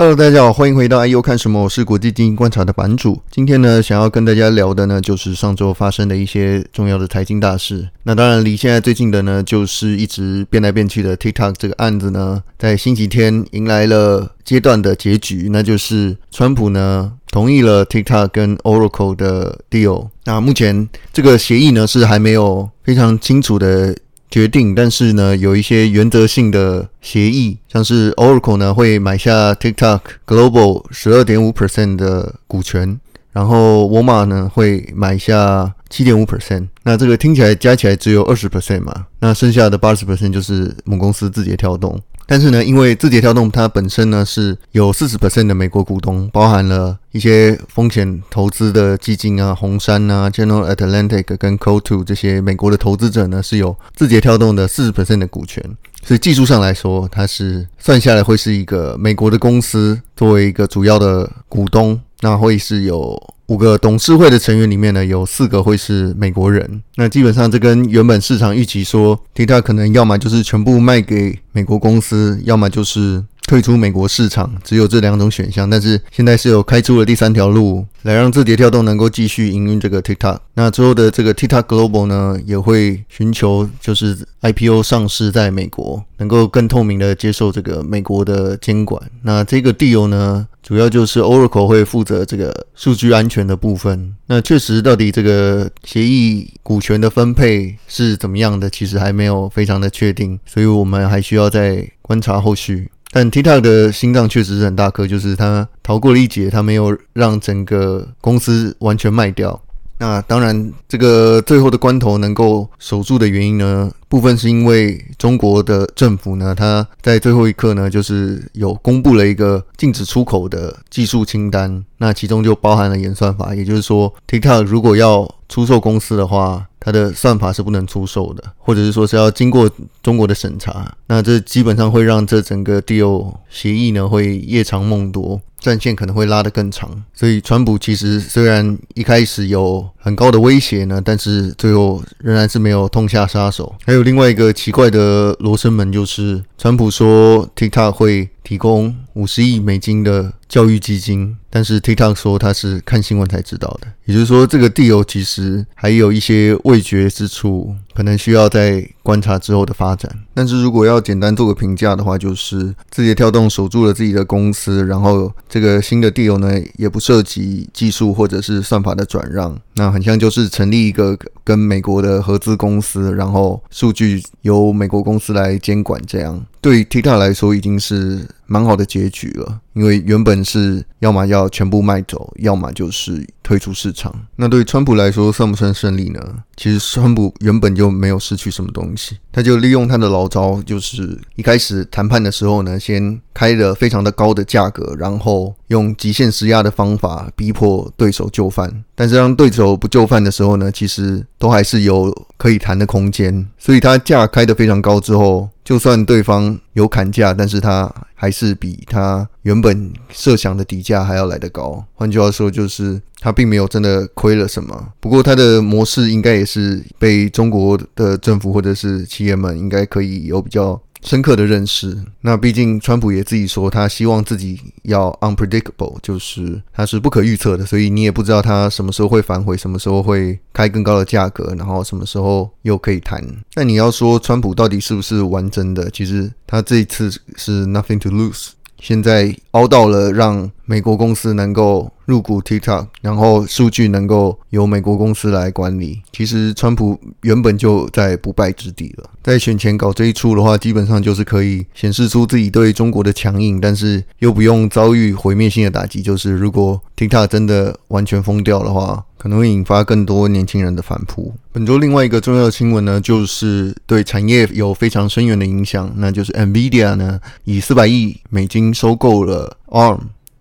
Hello，大家好，歡迎回到 IEO 看什麼？我是國際經濟觀察的版主。今天呢，想要跟大家聊的呢，就是上周發生的一些重要的財經大事。那當然，離現在最近的呢，就是一直變來變去的 TikTok 這個案子呢，在星期天迎來了階段的結局，那就是川普呢同意了 TikTok 跟 Oracle 的 deal。那目前這個協議呢，是還沒有非常清楚的。決定，但是呢，有一些原則性的協議，像是 Oracle 呢會買下 TikTok Global 十二點五 percent 的股權，然後沃爾瑪呢會買下七點五 percent，那這個聽起來加起來只有二十 percent 嘛，那剩下的八十 percent 就是母公司字節跳動。但是呢，因為字節跳動它本身呢是有四十 percent 的美國股東，包含了一些風險投資的基金啊、紅杉啊、General Atlantic 跟 Coatue 這些美國的投資者呢是有字節跳動的四十 percent 的股權，所以技術上來說，它是算下來會是一個美國的公司作為一個主要的股東，那會是有。五個董事會的成員裡面呢，有四個會是美國人。那基本上，這跟原本市場預期說，TikTok 可能要麼就是全部賣給美國公司，要麼就是。退出美國市場，只有這兩種選項。但是現在是有開出了第三條路，來讓字節跳動能夠繼續營運這個 TikTok。那之後的這個 TikTok Global 呢，也會尋求就是 IPO 上市在美國，能夠更透明的接受這個美國的監管。那這個 deal 呢，主要就是 Oracle 會負責這個數據安全的部分。那確實，到底這個協議股權的分配是怎麼樣的，其實還沒有非常的確定，所以我們還需要再觀察後續。但 TikTok 的心臟確實是很大顆，就是它逃過了一劫，它沒有讓整個公司完全賣掉。那當然，這個最後的關頭能夠守住的原因呢，部分是因為中國的政府呢，它在最後一刻呢，就是有公佈了一個禁止出口的技術清單，那其中就包含了演算法，也就是說，TikTok 如果要出售公司的話，它的算法是不能出售的，或者是說是要經過中國的審查。那這基本上會讓這整個 deal 協議呢會夜長夢多，戰線可能會拉得更長。所以，川普其實雖然一開始有很高的威脅呢，但是最後仍然是沒有痛下殺手。還有另外一個奇怪的羅生門，就是川普說 TikTok 會提供五十億美金的教育基金，但是 TikTok 說他是看新聞才知道的。也就是說，這個 deal 其實還有一些未決之處。可能需要再觀察之後的發展，但是如果要簡單做個評價的話，就是字節跳動守住了自己的公司，然後這個新的 deal 呢，也不涉及技術或者是算法的轉讓，那很像就是成立一個跟美國的合資公司，然後數據由美國公司來監管，這樣對 TikTok 來說已經是蠻好的結局了。因為原本是要麼要全部賣走，要麼就是退出市場。那對川普來說算不算勝利呢？其實川普原本就沒有失去什麼東西。他就利用他的老招，就是一開始談判的時候呢，先開了非常的高的價格，然後用極限施壓的方法逼迫對手就範。但是當對手不就範的時候呢，其實都還是有可以談的空間。所以他價開得非常高之後，就算對方有砍價，但是他還是比他原本設想的底價還要來得高。換句話說，就是他並沒有真的虧了什麼。不過他的模式應該也是被中國的政府或者是企業們應該可以有比較。深刻的認識，那畢竟川普也自己說，他希望自己要 unpredictable，就是他是不可預測的，所以你也不知道他什麼時候會反悔，什麼時候會開更高的價格，然後什麼時候又可以談。那你要說川普到底是不是玩真的？其實他這一次是 nothing to lose，現在凹到了讓美國公司能夠。入股 TikTok，然後數據能夠由美國公司來管理。其實，川普原本就在不敗之地了，在選前搞這一出的話，基本上就是可以顯示出自己對中國的強硬，但是又不用遭遇毀滅性的打擊。就是如果 TikTok 真的完全封掉的話，可能會引發更多年輕人的反撲。本周另外一個重要的新聞呢，就是對產業有非常深遠的影響，那就是 Nvidia 呢，以四百億美金收購了 Arm。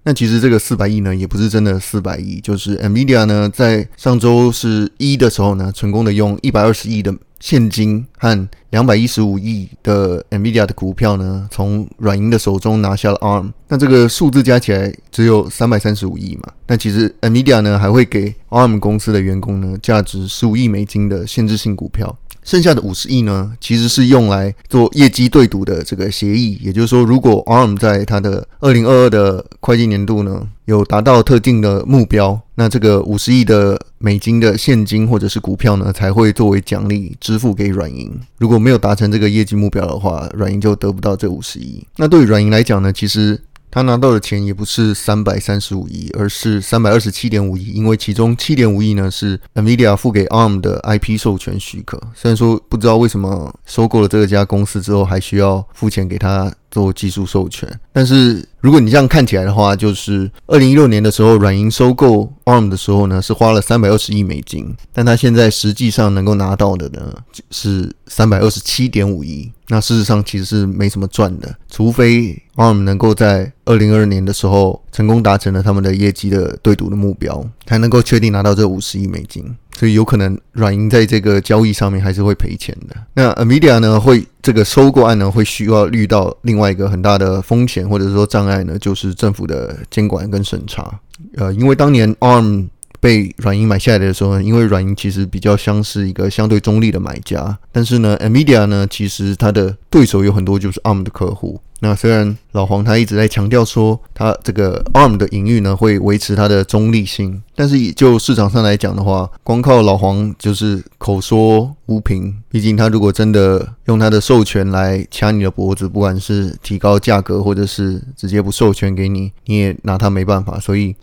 那其實這個四百億呢，也不是真的四百億，就是 NVIDIA 呢，在上周是一的時候呢，成功的用一百二十億的現金和兩百一十五億的 NVIDIA 的股票呢，從軟銀的手中拿下了 ARM。那這個數字加起來只有三百三十五億嘛？那其實 NVIDIA 呢，還會給 ARM 公司的員工呢，價值十五億美金的限制性股票。剩下的五十億呢，其實是用來做業績對賭的這個協議。也就是說，如果 ARM 在它的二零二二的會計年度呢，有達到特定的目標，那這個五十億的美金的現金或者是股票呢，才會作為獎勵支付給軟銀。如果沒有達成這個業績目標的話，軟銀就得不到這五十億。那對於軟銀來講呢，其實。他拿到的錢也不是三百三十五億，而是三百二十七點五億，因為其中七點五億呢是 NVIDIA 付給 ARM 的 IP 授權許可。雖然說不知道為什麼收購了這個家公司之後還需要付錢給他做技術授權，但是如果你這樣看起來的話，就是二零一六年的時候軟銀收購 ARM 的時候呢是花了三百二十億美金，但他現在實際上能夠拿到的呢，就是三百二十七點五億。那事實上其實是沒什麼賺的，除非 ARM 能夠在二零二二年的時候成功達成了他們的業績的對賭的目標，才能夠確定拿到這五十億美金。所以有可能軟銀在這個交易上面還是會賠錢的。那 Nvidia 呢，會這個收購案呢，會需要遇到另外一個很大的風險或者說障礙呢，就是政府的監管跟審查。呃，因為當年 ARM 被軟銀買下來的時候呢，因為軟銀其實比較像是一個相對中立的買家，但是呢，NVIDIA 呢，其實它的對手有很多，就是 ARM 的客戶。那雖然老黃他一直在強調說他這個 ARM 的領域呢，會維持它的中立性，但是也就市場上來講的話，光靠老黃就是口說無憑。畢竟他如果真的用他的授權來掐你的脖子，不管是提高價格，或者是直接不授權給你，你也拿他沒辦法。所以。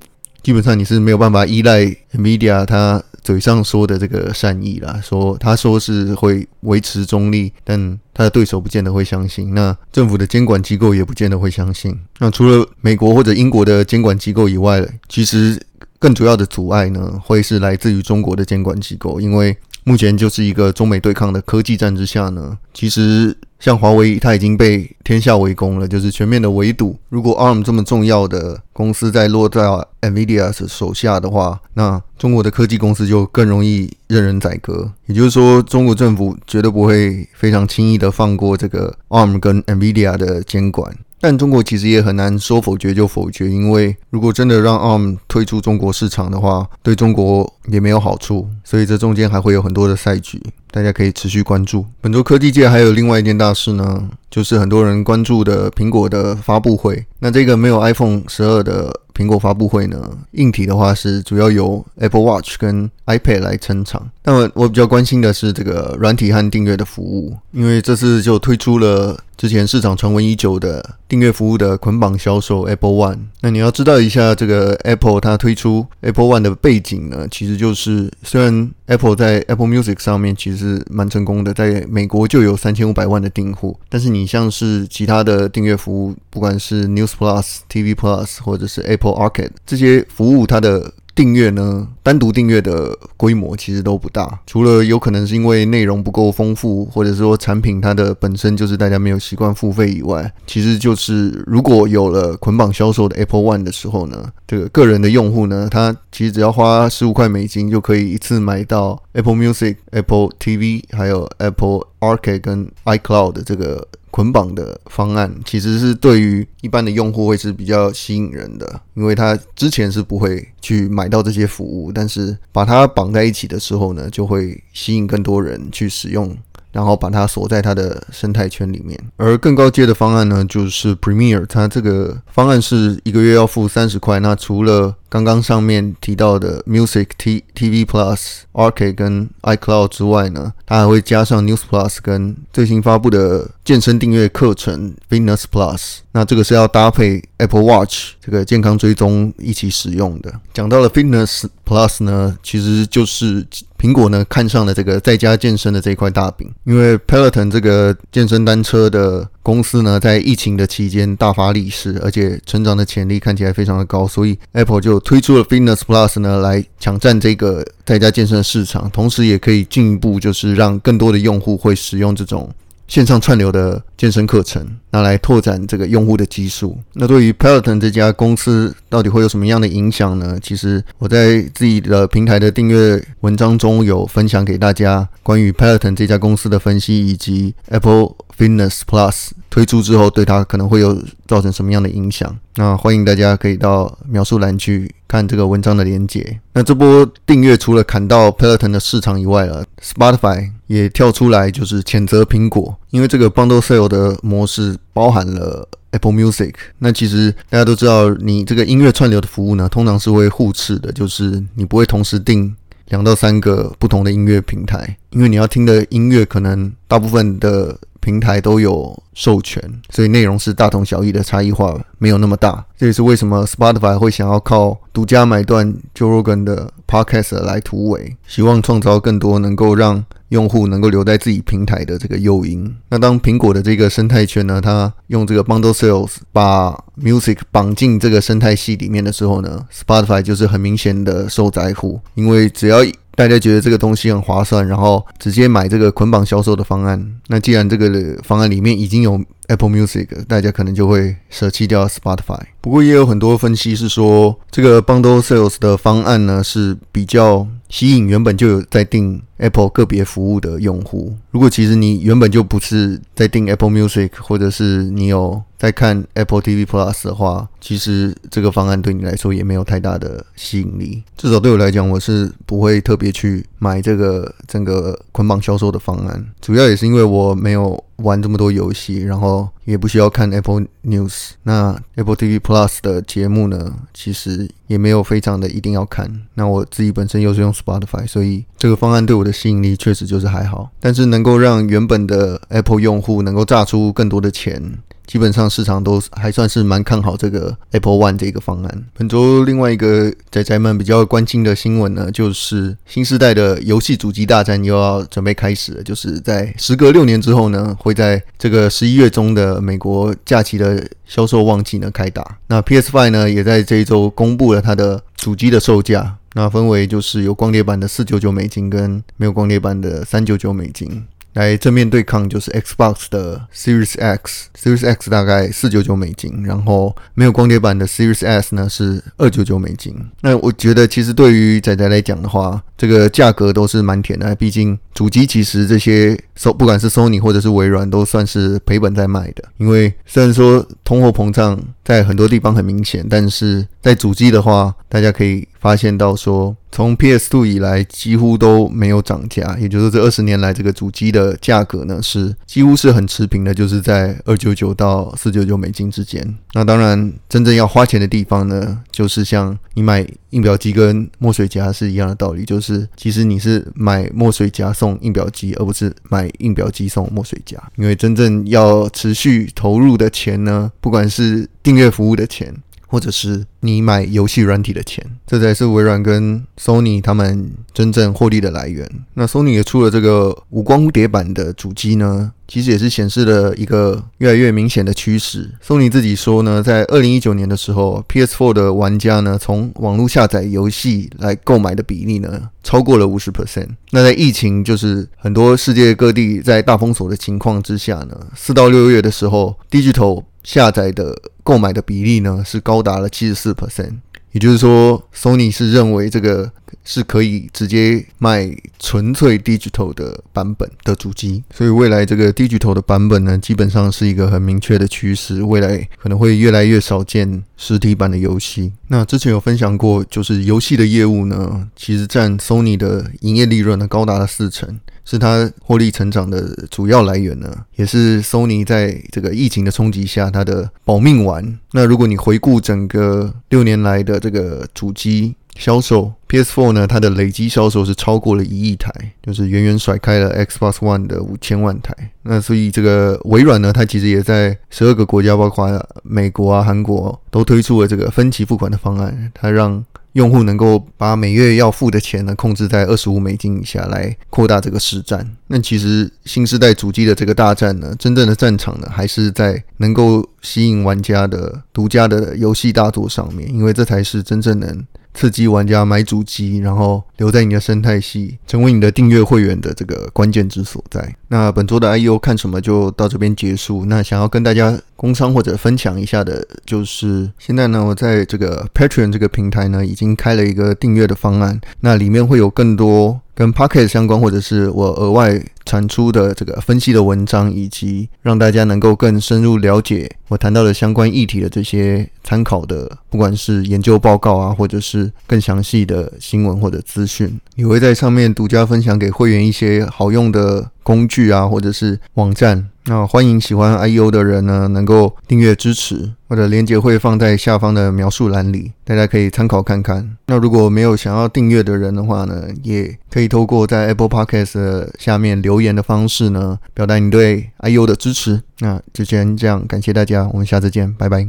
基本上你是沒有辦法依賴 NVIDIA 他嘴上說的這個善意啦，說他說是會維持中立，但他的對手不見得會相信，那政府的監管機構也不見得會相信。那除了美國或者英國的監管機構以外，其實更主要的阻礙呢，會是來自於中國的監管機構，因為。目前就是一個中美對抗的科技戰之下呢，其實像華為，它已經被天下圍攻了，就是全面的圍堵。如果 ARM 這麼重要的公司再落在 NVIDIA 手下的話，那中國的科技公司就更容易任人宰割。也就是說，中國政府絕對不會非常輕易的放過這個 ARM 跟 NVIDIA 的監管。但中國其實也很難說否決就否決，因為如果真的讓 ARM 退出中國市場的話，對中國也沒有好處。所以這中間還會有很多的賽局，大家可以持續關注。本周科技界還有另外一件大事呢，就是很多人關注的蘋果的發佈會。那這個沒有 iPhone 十二的蘋果發佈會呢，硬體的話是主要由 Apple Watch 跟 iPad 來撐場。那麼我比較關心的是這個軟體和訂閱的服務，因為這次就推出了之前市場傳聞已久的訂閱服務的捆綁銷售 Apple One。那你要知道一下，這個 Apple 它推出 Apple One 的背景呢，其實就是雖然 Apple 在 Apple Music 上面其實蠻成功的，在美國就有三千五百萬的訂戶，但是你。像是其他的訂閱服務，不管是 News Plus、TV Plus 或者是 Apple Arcade 這些服務，它的訂閱呢，單獨訂閱的規模其實都不大。除了有可能是因為內容不夠豐富，或者說產品它的本身就是大家沒有習慣付費以外，其實就是如果有了捆綁銷售的 Apple One 的時候呢，這個個人的用戶呢，他其實只要花十五塊美金就可以一次買到 Apple Music、Apple TV 還有 Apple Arcade 跟 iCloud 的這個。捆綁的方案其實是對於一般的用戶會是比較吸引人的，因為他之前是不會去買到這些服務，但是把它綁在一起的時候呢，就會吸引更多人去使用，然後把它鎖在它的生態圈裡面。而更高階的方案呢，就是 Premier，它這個方案是一個月要付三十塊，那除了。剛剛上面提到的 Music、TV Plus、Arcade 跟 iCloud 之外呢，它還會加上 News Plus 跟最新發布的健身訂閱課程 Fitness Plus。那這個是要搭配 Apple Watch 這個健康追蹤一起使用的。講到了 Fitness Plus 呢，其實就是蘋果呢看上了這個在家健身的這一塊大餅，因為 Peloton 這個健身單車的。公司呢在疫情的期間大發利市，而且成長的潛力看起來非常的高，所以 Apple 就推出了 Fitness Plus 呢來搶佔這個在家健身的市場，同時也可以進一步就是讓更多的用戶會使用這種。線上串流的健身課程，拿來拓展這個用戶的基數，那對於 Peloton 這家公司到底會有什麼樣的影響呢？其實我在自己的平台的訂閱文章中有分享給大家關於 Peloton 這家公司的分析，以及 Apple Fitness Plus 推出之後對它可能會有造成什麼樣的影響。那歡迎大家可以到描述欄去看這個文章的連結。那這波訂閱除了砍到 Peloton 的市場以外了，Spotify。也跳出來就是譴責蘋果，因為這個 bundle sale 的模式包含了 Apple Music。那其實大家都知道，你這個音樂串流的服務呢，通常是會互斥的，就是你不會同時訂兩到三個不同的音樂平台，因為你要聽的音樂可能大部分的。平台都有授權，所以內容是大同小異的差，差異化沒有那麼大。這也是為什麼 Spotify 會想要靠獨家買斷 Joe Rogan 的 podcast 來突圍，希望創造更多能夠讓用戶能夠留在自己平台的這個誘因。那當蘋果的這個生態圈呢，它用這個 Bundle Sales 把 Music 綁進這個生態系裡面的時候呢，Spotify 就是很明顯的受災戶，因為只要大家覺得這個東西很划算，然後直接買這個捆綁銷售的方案。那既然這個方案裡面已經有 Apple Music，大家可能就會捨棄掉 Spotify。不過也有很多分析是說，這個 bundle sales 的方案呢，是比較，吸引原本就有在訂 Apple 個別服務的用戶。如果其實你原本就不是在訂 Apple Music，或者是你有在看 Apple TV Plus 的話，其實這個方案對你來說也沒有太大的吸引力。至少對我來講，我是不會特別去買這個整個捆綁銷售的方案，主要也是因為我沒有。玩這麼多遊戲，然後也不需要看 Apple News。那 Apple TV Plus 的節目呢，其實也沒有非常的一定要看。那我自己本身又是用 Spotify，所以這個方案對我的吸引力確實就是還好。但是能夠讓原本的 Apple 用戶能夠榨出更多的錢。基本上市場都還算是蠻看好這個 Apple One 這個方案。本周另外一個宅宅們比較關心的新聞呢，就是新世代的遊戲主機大戰又要準備開始了，就是在時隔六年之後呢，會在這個十一月中的美國假期的銷售旺季呢開打。那 PS5 呢也在這一周公布了它的主機的售價，那分為就是有光碟版的四九九美金跟沒有光碟版的三九九美金。來正面對抗就是 Xbox 的 Series X，Series X 大概四九九美金，然後沒有光碟版的 Series S 呢是二九九美金。那我覺得其實對於仔仔來講的話，這個價格都是蠻甜的，畢竟主機其實這些不管是 Sony 或者是微軟都算是賠本在賣的，因為雖然說通貨膨脹。在很多地方很明顯，但是在主機的話，大家可以發現到說，從 PS2 以來幾乎都沒有漲價，也就是說這二十年來這個主機的價格呢是幾乎是很持平的，就是在二九九到四九九美金之間。那當然，真正要花錢的地方呢，就是像你買印表機跟墨水夾是一樣的道理，就是其實你是買墨水夾送印表機，而不是買印表機送墨水夾，因為真正要持續投入的錢呢，不管是定月服務的錢，或者是你買遊戲軟體的錢，這才是微軟跟 Sony 他們真正獲利的來源。那 Sony 也出了這個無光碟版的主機呢，其實也是顯示了一個越來越明顯的趨勢。Sony 自己說呢，在二零一九年的時候，PS Four 的玩家呢，從網絡下載遊戲來購買的比例呢，超過了五十 percent。那在疫情，就是很多世界各地在大封鎖的情況之下呢，四到六月的時候，Digital 下載的購買的比例呢，是高達了七十四 percent，也就是說，Sony 是認為這個。是可以直接賣純粹 digital 的版本的主機，所以未來這個 digital 的版本呢，基本上是一個很明確的趨勢。未來可能會越來越少見實體版的遊戲。那之前有分享過，就是遊戲的業務呢，其實佔 Sony 的營業利潤呢高達了四成，是它獲利成長的主要來源呢，也是 Sony 在這個疫情的衝擊下它的保命丸。那如果你回顧整個六年來的這個主機銷售，PS4 呢，它的累計銷售是超過了一億台，就是遠遠甩開了 Xbox One 的五千萬台。那所以這個微軟呢，它其實也在十二個國家，包括美國啊、韓國，都推出了這個分期付款的方案，它讓用戶能夠把每月要付的錢呢控制在二十五美金以下，來擴大這個市佔。那其實新世代主機的這個大戰呢，真正的戰場呢，還是在能夠吸引玩家的獨家的遊戲大作上面，因為這才是真正能刺激玩家買主機，然後留在你的生態系，成為你的訂閱會員的這個關鍵之所在。那本周的 IEO 看什麼就到這邊結束。那想要跟大家工商或者分享一下的，就是現在呢，我在這個 Patreon 這個平台呢，已經開了一個訂閱的方案，那裡面會有更多。跟 Pocket 相關，或者是我額外產出的這個分析的文章，以及讓大家能夠更深入了解我談到的相關議題的這些參考的，不管是研究報告啊，或者是更詳細的新聞或者資訊，也會在上面獨家分享給會員一些好用的工具啊，或者是網站。那、哦、歡迎喜歡 IEO 的人呢，能夠訂閱支持，我的鏈接會放在下方的描述欄裡，大家可以參考看看。那如果沒有想要訂閱的人的話呢，也可以透過在 Apple Podcast 的下面留言的方式呢，表達你對 IEO 的支持。那就先這樣，感謝大家，我們下次見，拜拜。